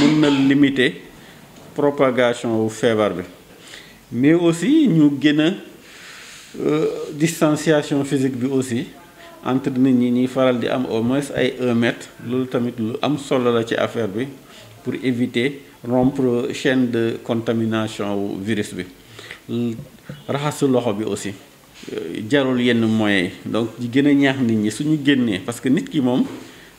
mën na limiter propagation wu feebar bi mais aussi ñu gën a euh, distanciation physique bi aussi entre nit ñi ñuy faral di am au moins ay un mètre loolu tamit lu am solo la ci affaire bi pour éviter rompre chaîne de contamination wu virus bi raxasu loxo bi aussi euh, jarul yenn moyens donc di gën a ñaax nit ñi suñu génnee parce que nit ki moom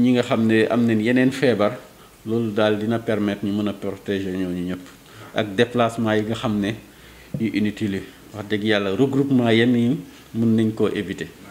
ñi nga xam ne am nañ yeneen feebar loolu daal dina permettre ñu mën a protéger ñooñu ñëpp ak déplacement yi nga xam ne yu inutile wax dëgg yàlla regroupement yenn yi mën nañ koo éviter.